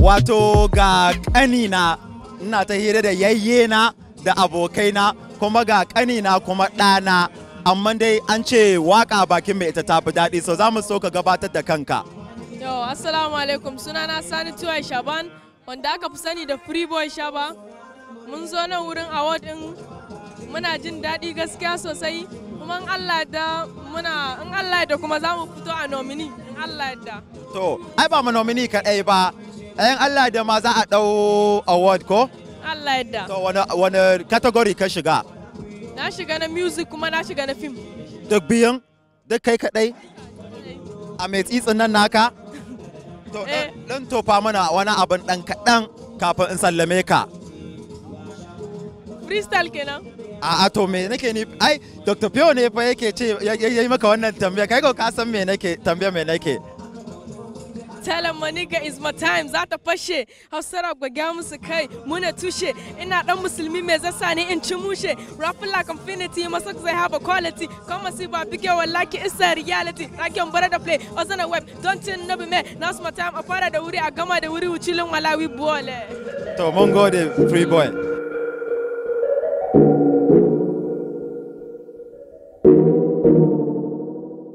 wato ga ƙanina ina ta hira da yayyena da abokaina kuma ga ƙanina kuma ɗana amma dai an ce waka bakin mai ita ta fi daɗi so za mu so ka gabatar da kanka. Yau, Assalamu alaikum sunana Sani Tuwai Shaban wanda aka fi sani da freeboy shaba mun zo nan wurin award din muna jin daɗi gaskiya sosai kuma in allah da muna in allah da kuma za mu fito a nomini in allah da to ai ba mu nomini kaɗai ba ɗayan allah da ma za a ɗau award ko allah da to wani category ka shiga na shiga na music kuma na shiga na film duk biyan duk kai kaɗai a mai tsitsin nan naka to eh. dan tofa mana wani abin dan kaɗan kafin in sallame ka freestyle kenan a a to me nake ni ai dr pio ne fa yake ce yayi maka wannan tambaya kai ko ka san me nake tambaya me nake telling maniga is my time za ta fashe hausara gwaga musu kai muna tushe ina dan musulmi mai zasa ne in ci mushe rapping like infinity masak zai have a quality come see ba bige wallahi is a reality raken bare da play ozana web don't you know me now's my time a fara da wuri a gama da wuri wucilin malawi bole to mun gode free boy